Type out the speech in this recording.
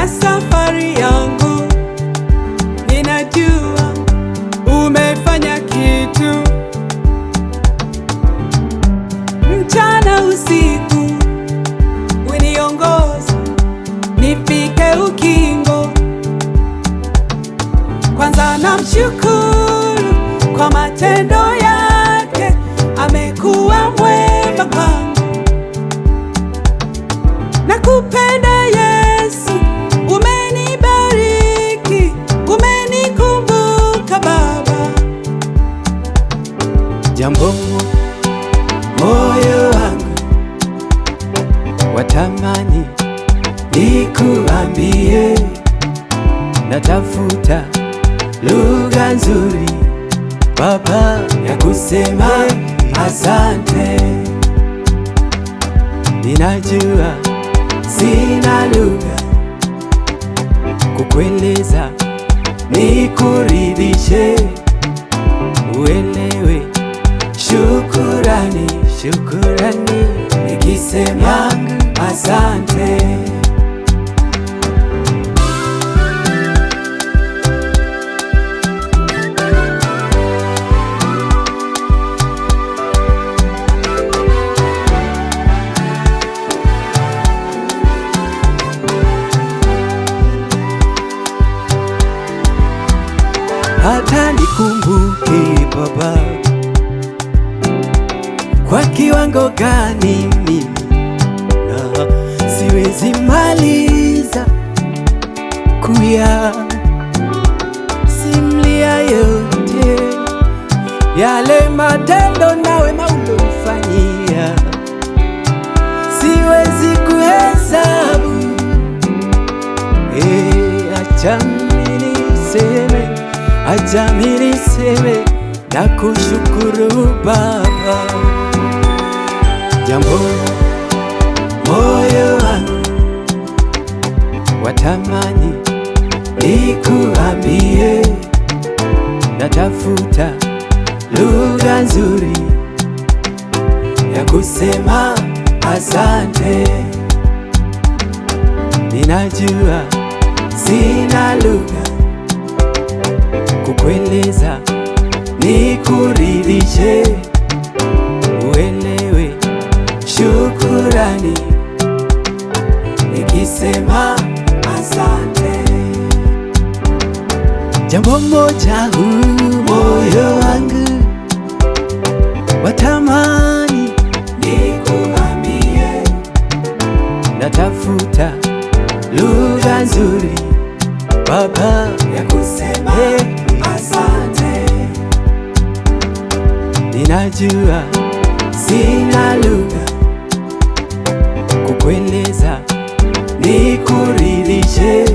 na safari yangu, ninajua umefanya kitu mchana usiku, uniongoza nifike ukingo. Kwanza namshukuru kwa matendo yake, amekuwa mwema kwangu nakupenda jambo moyo wangu watamani nikuambie, natafuta lugha nzuri Baba ya kusema asante. Ninajua sina lugha kukueleza nikuridhishe shukurani nikisema asante. Hata nikumbuki Baba kwa kiwango gani mimi na siwezi maliza kuya simlia yote yale matendo nawe maulofanyia, siwezi kuhesabu. Hey, eh, acha niseme, acha niseme na kushukuru Baba jambo moyo wangu watamani nikuambie, natafuta lugha nzuri ya kusema asante. Ninajua sina lugha kukueleza nikuridhishe jambo moja huu moyo wangu watamani nikuambie, natafuta lugha nzuri Baba ya kusema asante. Ninajua sina lugha kukueleza nikuridhishe